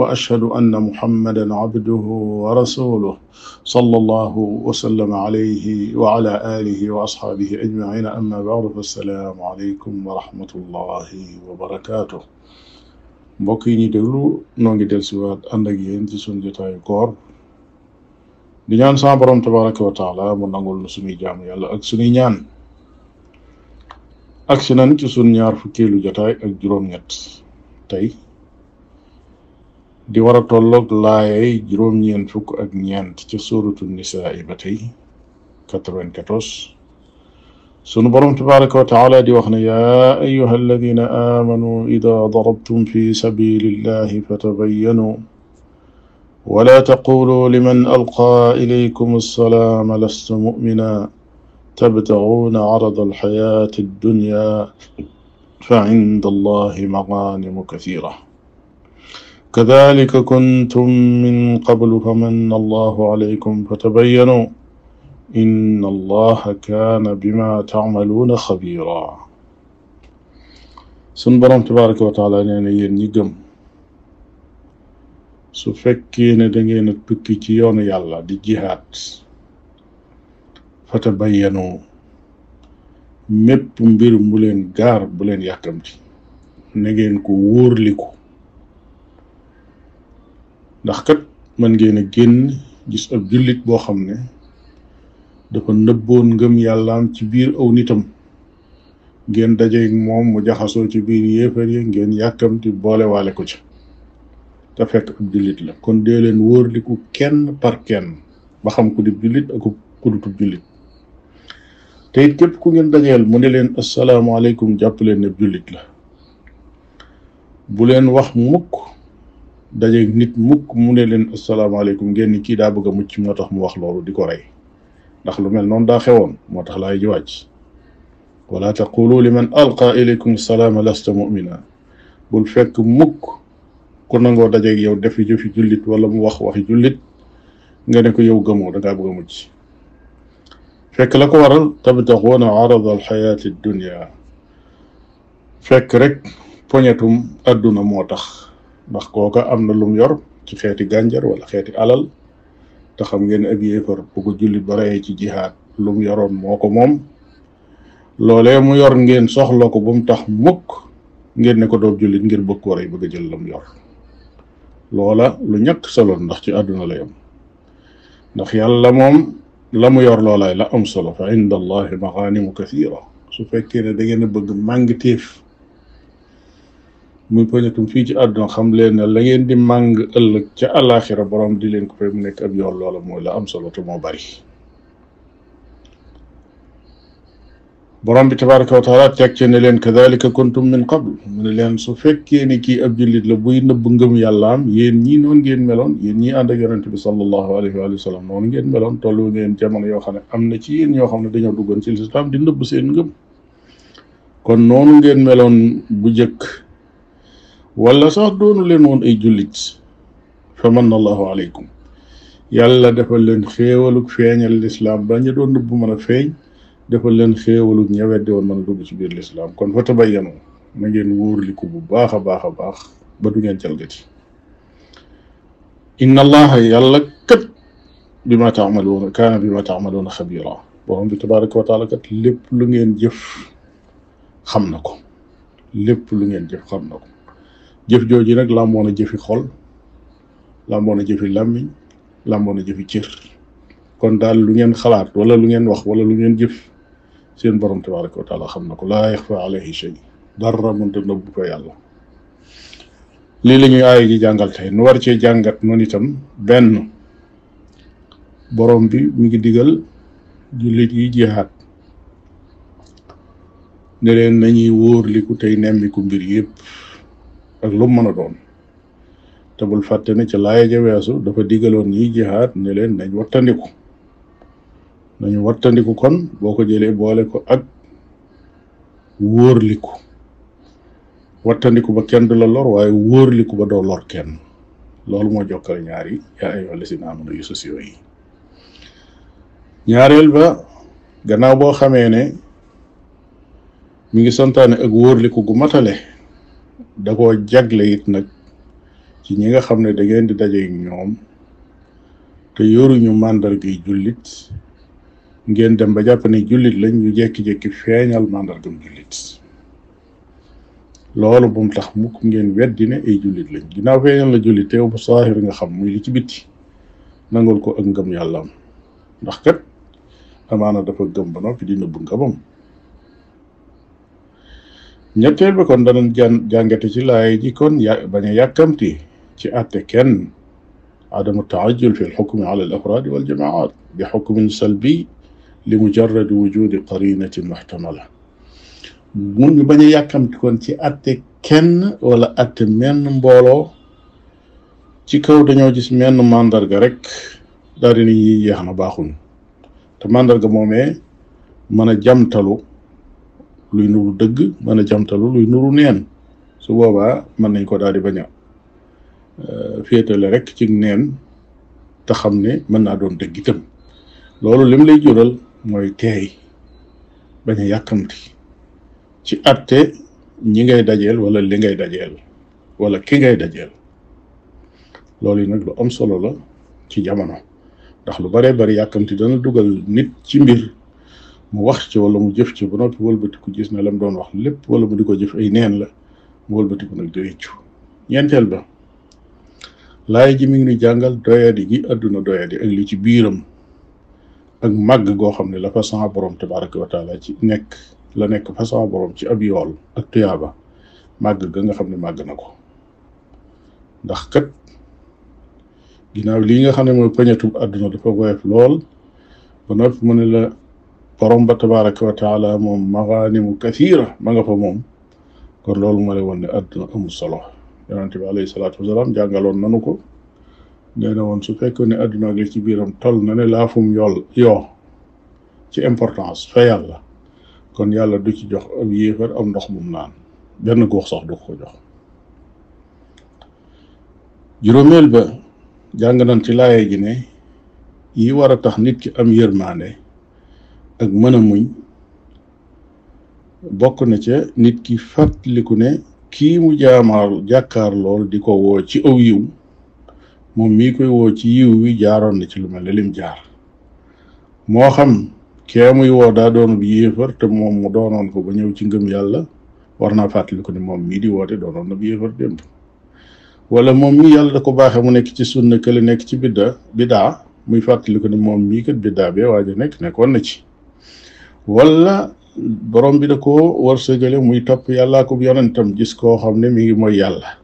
واشهد ان محمدا عبده ورسوله صلى الله وسلم عليه وعلى اله واصحابه اجمعين اما بعد فالسلام عليكم ورحمه الله وبركاته mbokk yi ñuy déglu noo ngi del siwaat ànd ak ci suñu jotaayu koor di ñaan sa borom tabaraka wa taala mu nangul nu suñuy jaam yàlla ñaan ak nan ci suñ ñaar fukkeelu jotaay ak juróom-ñett di war a tolloog laayay juróom-ñeent fukk ak ñeent ca suratu nisaa yi ba tey quatre-vingt-quatorze sunu borom tabaraka wa taala di wax ne yaa ayuha alladina aamanuu ida darabtum fi sabilillahi fatabayyanuu wala taquluu liman alqaa ilaykum alsalaama lasta mu'mina tabtaguuna carada alxayaati addunya fa cind allahi magaanimu kacira كذلك كنتم من قبل فمن الله عليكم فتبينوا إن الله كان بما تعملون خبيرا sun borom tabaraka wa taala nee na yéen ñi gëm su fekkee ne da ngeen a tukki ci yoonu yàlla di jihaat fata bayyanu mépp mbir mu leen gaar bu leen yàkkamti na ngeen ko wóorliku ndax kat mën ngeen a génn gis ab jullit boo xam ne dafa nëbboon ngëm yàllaam ci biir aw nitam ngeen dajeeg moom mu jaxasoo ci biir yéefar yi ngeen yàkkamti boolewaale ko ci te fekk ab jullit la kon dee leen wóorliku kenn par kenn ba xam ku dib jullit ak ku dutub jullit te képp ku ngeen dajeel mu ne leen asalaamaaleykum jàpp leen ne jullit la bu leen wax mukk dajeeg nit mukk mu ne leen asalaamaaleykum ngeen ni kii daa bëgg a mucc moo tax mu wax loolu di ko rey ndax lu mel noonu daa xewoon moo tax laay ji wàcc wala taqulu liman alqa ilaykum salaama lasta mumina bul fekk mukk ku nangoo dajeeg yow defi jëfi jullit wala mu wax waxi jullit nga ne ko yow gëmoo dangaa bëgg a mucc fekk la ko waral tabtaxuuna arada alxayaati dunia fekk rek poñetum adduna moo tax ndax kooka am na lum yor ci xeeti gànjar wala xeeti alal te xam ngeen ab yéefar bu jullit ba reyee ci jihaad lum yoroon moo ko moom loole mu yor ngeen soxla ko ba mu tax mukk ngeen ne ko doob jullit ngir bëgg ko rey bëgg a jël lam yor loola lu ñàkk solo ndax ci àdduna lay am ndax yàlla moom la mu yor loolaay la am solo fa inda maganimu kathira su fekkee ne da ngeen a bëgg màng téef muy poñatum fii ci àdduna xam leen ne la ngeen di màng ëllëg ca àllaaxira borom di ko fay mu nekk ab yoon loola la am solo te moo bari borom bi tabaraka wa ne leen kadalika kuntum min qabl leen su fekkee ne kii ab jullit la buy nëbb ngëm yàlla am yéen ñii noonu ngeen meloon yéen ñii ànd ak yonente bi sallallahu alayhi wa sallam noonu ngeen meloon tollu ngeen jamono yoo xam ne am na ci yéen ñoo xam ne dañoo duggoon ci lislaam di nëbb seen ngëm kon noonu ngeen meloon bu jëkk wala sax doon leen woon ay jullit fa man allahu aleykum yàlla defal leen xéewalug feeñal lislaam ba ñu doon nëbb mën a feeñ defal leen xéewalug ñaweddi woon mën a dugg ci biir lislaam kon fa tabayyanu ma ngeen wóorliku bu baax a baax a baax ba du ngeen jalgati inna allaha yàlla kat bi ma taamaluuna kaana bi ma taamaluuna xabira borom bi tabaraka lépp lu ngeen jëf xam na ko lépp lu ngeen jëf xam na ko jëf jooju nag làmboo na jëfi xol làmboo na jëfi làmmiñ làmboo na jëfi cër kon daal lu ngeen xalaat wala lu ngeen wax wala lu ngeen jëf seen borom tabaraka wa taala xam na ko laa yaxfa alayhi shay dara mënta nëbbu ko yàlla lii la ñuy aaya ji jàngal tey nu war cee jàngat noonu itam benn boroom bi mu ngi digal jullit yi jihaat ne nañuy wóorliku tey nemmiku mbir yëpp ak lu mën a doon te bul fàtte ne ca laaya weesu dafa digaloon ñiy jihaad ne leen nañ wattandiku nañu wattandiku kon boo ko jëlee boole ko ak wóorliku wattandiku ba kenn du la lor waaye wóorliku ba doo lor kenn loolu moo jokkale ñaar yi yaa ayyuhaa llaziina aamanuu yu sosiyo yi ñaareel ba gannaaw boo xamee ne mi ngi santaane ak wóorliku gu matale da koo jagle it nag ci ñi nga xam ne da ngeen di daje ñoom te yoruñu màndarga yi jullit ngeen dem ba jàpp ne jullit lañ ñu jékki-jékki feeñal màndargam jullit loolu bu tax mukk ngeen weddi ay jullit lañ dinaa feeñal la jullit teew bu saahir nga xam muy li ci bitti nangul ko ak ngëm yàlla am ndax kat amaana dafa gëm ba noppi di nëbb ngëmam ñetteel bi kon danañ jàngate ci laay ji kon ya bañ a yàkkamti ci àtte kenn adamu taajul fi lxukmi ala al afraadi wal jamaat bi xukmin salbi li mujarradi wujudi qarinatin muxtamala mun ñu bañ a yàkkamti kon ci àtte kenn wala àtte menn mbooloo ci kaw dañoo gis menn màndarga rek daal dinañ yi yeex na baaxuñ te màndarga moomee mën a jamtalu luy nuru dëgg mën a jamtalu luy nuru neen su boobaa mën nañ ko daal di baña a euh, féetale rek ci neen te xam ne mën naa doon dëgg itam loolu lim lay jural mooy teey bañ yàkkamti ci atte ñi ngay dajeel wala li ngay dajeel wala ki ngay dajeel loolu yi nag lu am solo la ci jamono ndax lu bare bari yàkkamti dana dugal nit ci mbir mu wax ci wala mu jëf ci ba noppi wëlbatiku gis na lam doon wax lépp wala mu di ko jëf ay neen la mu wëlbatiku nag di réccu ñeenteel ba laay ji mi ngi nu jàngal doyadi gi àdduna doyadi ak li ci biiram ak màgg goo xam ne la fa sama borom tabaraka wa taala ci nekk la nekk fa sama borom ci ab yool ak tuyaaba màgg ga nga xam ne màgg na ko ndax kat ginnaaw lii nga xam ne mooy poñetu àdduna dafa woyof lool ba noppi mu ne la porom ba tabaraka wa taala moom maxaanimu kathira ma nga fa moom kon loolu moo lay won ne àdduna amul solo yonente bi alayhi salaatu wasalaam jàngaloon nanu ko nee woon su fekkoon ne àdduna ak li ci biiram toll na ne laafum yool yoo ci importance fa yàlla kon yàlla du ci jox am yéefar am ndox mum naan benn góox sax du ko jox juróomeel ba jàng nañ ci laaya ji ne yi war a tax nit ki am yërmaande ak mën a muñ bokk na ca nit ki fàttaliku ne kii mu jaamaaru jàkkaar lool di ko woo ci aw yiw moom mii koy woo ci yiw wi jaaroon na ci lu mel ne lim jaar moo xam kee muy woo daa doonub yéefar te moom mu doonoon ko ba ñëw ci ngëm yàlla war naa fàttaliku ne moom mii di woote doonoon na bu yéefar démb wala moom mii yàlla da ko baaxee mu nekk ci sunna kële nekk ci bidda biddaa muy fàttaliku ne moom mii kat biddaa bee waaj nekk nekkoon na ci wala borom bi da ko war sëgale muy topp yàllaa ko yonentam gis koo xam ne mi ngi mooy yàlla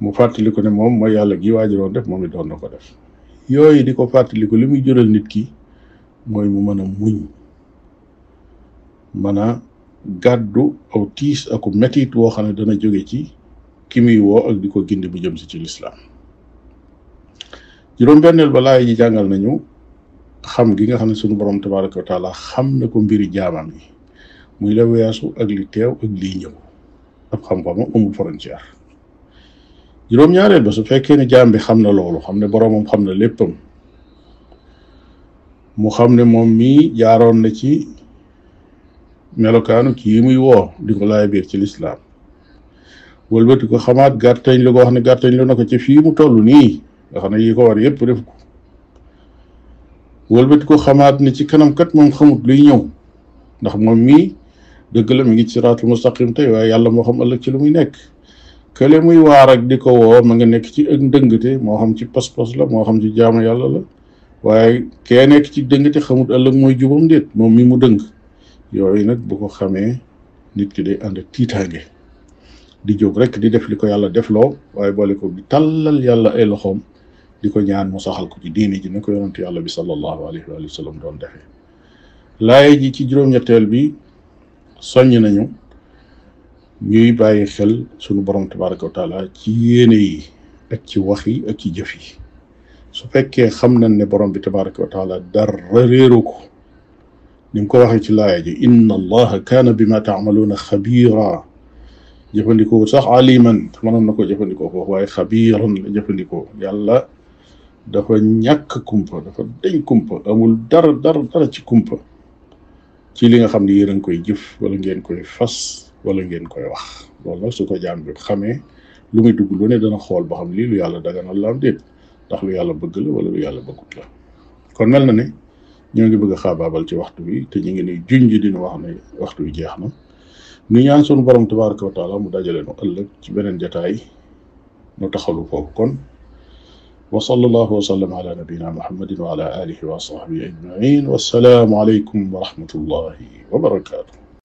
mu fàttaliku ne moom mooy yàlla gi waajuroon def moom it doon na ko def yooyu di ko fàttaliku li muy jural nit ki mooy mu mën a muñ mën a gàddu aw tiis aku metit woo xam ne dana jóge ci ki muy woo ak di ko gindi bu jëm si ci lislaam juróom-benneel ba laay ji jàngal nañu xam gi nga xam ne suñu borom tabaraka wa taala xam na ko mbiri jaamam yi muy la weesu ak li teew ak liy ñëw ab xam-xama amul frontière juróom-ñaareel ba su fekkee ne jaam bi xam na loolu xam ne boromam xam na léppam mu xam ne moom mii jaaroon na ci melokaanu yi muy woo di ko biir ci lislaam wëlbati ko xamaat gàttañ lu ko wax ne gàttañ lu na ko ci fii mu toll nii nga xam ne yi ko war yépp def wëlbati ko xamaat ni ci kanam kat moom xamut luy ñëw ndax moom mii dëgg la mi ngi ci siraatul mustaqim tey waaye yàlla moo xam ëllëg ci lu muy nekk kële muy waar ak di ko woo ma nga nekk ci ak ndëngte moo xam ci pas-pas la moo xam ci jaamu yàlla la waaye kee nekk ci dëngte xamut ëllëg mooy jubam déet moom mi mu dëng yooyu nag bu ko xamee nit ki day ànd ak tiitaange di jóg rek di def li ko yàlla defloo waaye boole ko di tàllal yàlla ay loxoom di ko ñaan mu saxal ko ci diini ji ni ko yonante yàlla bi sallallahu alayhi wa sallam doon defee laaye ji ci juróom-ñetteel bi soññ nañu ñu bàyyi xel sunu borom tabaraka wa taala ci yéene ak ci wax yi ak ci jëf su fekkee xam nañ ne borom bi tabaraka wa taala dara réeru ko ni ko waxee ci laaya ji inna allaha kaana bima taamaluuna xabiira jëfandikoo sax aliman mënoon na ko jëfandikoo foofu waaye xabiiran la jëfandikoo dafa ñàkk kumpa dafa dañ kumpa amul dara dara dara ci kumpa ci li nga xam ne yéen a koy jëf wala ngeen koy fas wala ngeen koy wax loolu su ko jaam bi xamee lu muy dugg lu ne dana xool ba xam lii lu yàlla daganal la am déet ndax lu yàlla bëgg la wala lu yàlla bëggut la kon mel na ne ñoo ngi bëgg a xaabaabal ci waxtu bi te ñu ngi nuy junj dina wax ne waxtu wi jeex na nu ñaan sunu borom tabaraka wa taala mu dajale nu ëllëg ci beneen jataay nu taxalu foofu kon wa sallallahu wa sallam ala nabiyina muhammadin wa ala alihi wa sahbihi ajmain wassalaamu aleykum wa rahmatullahi wa barakatuh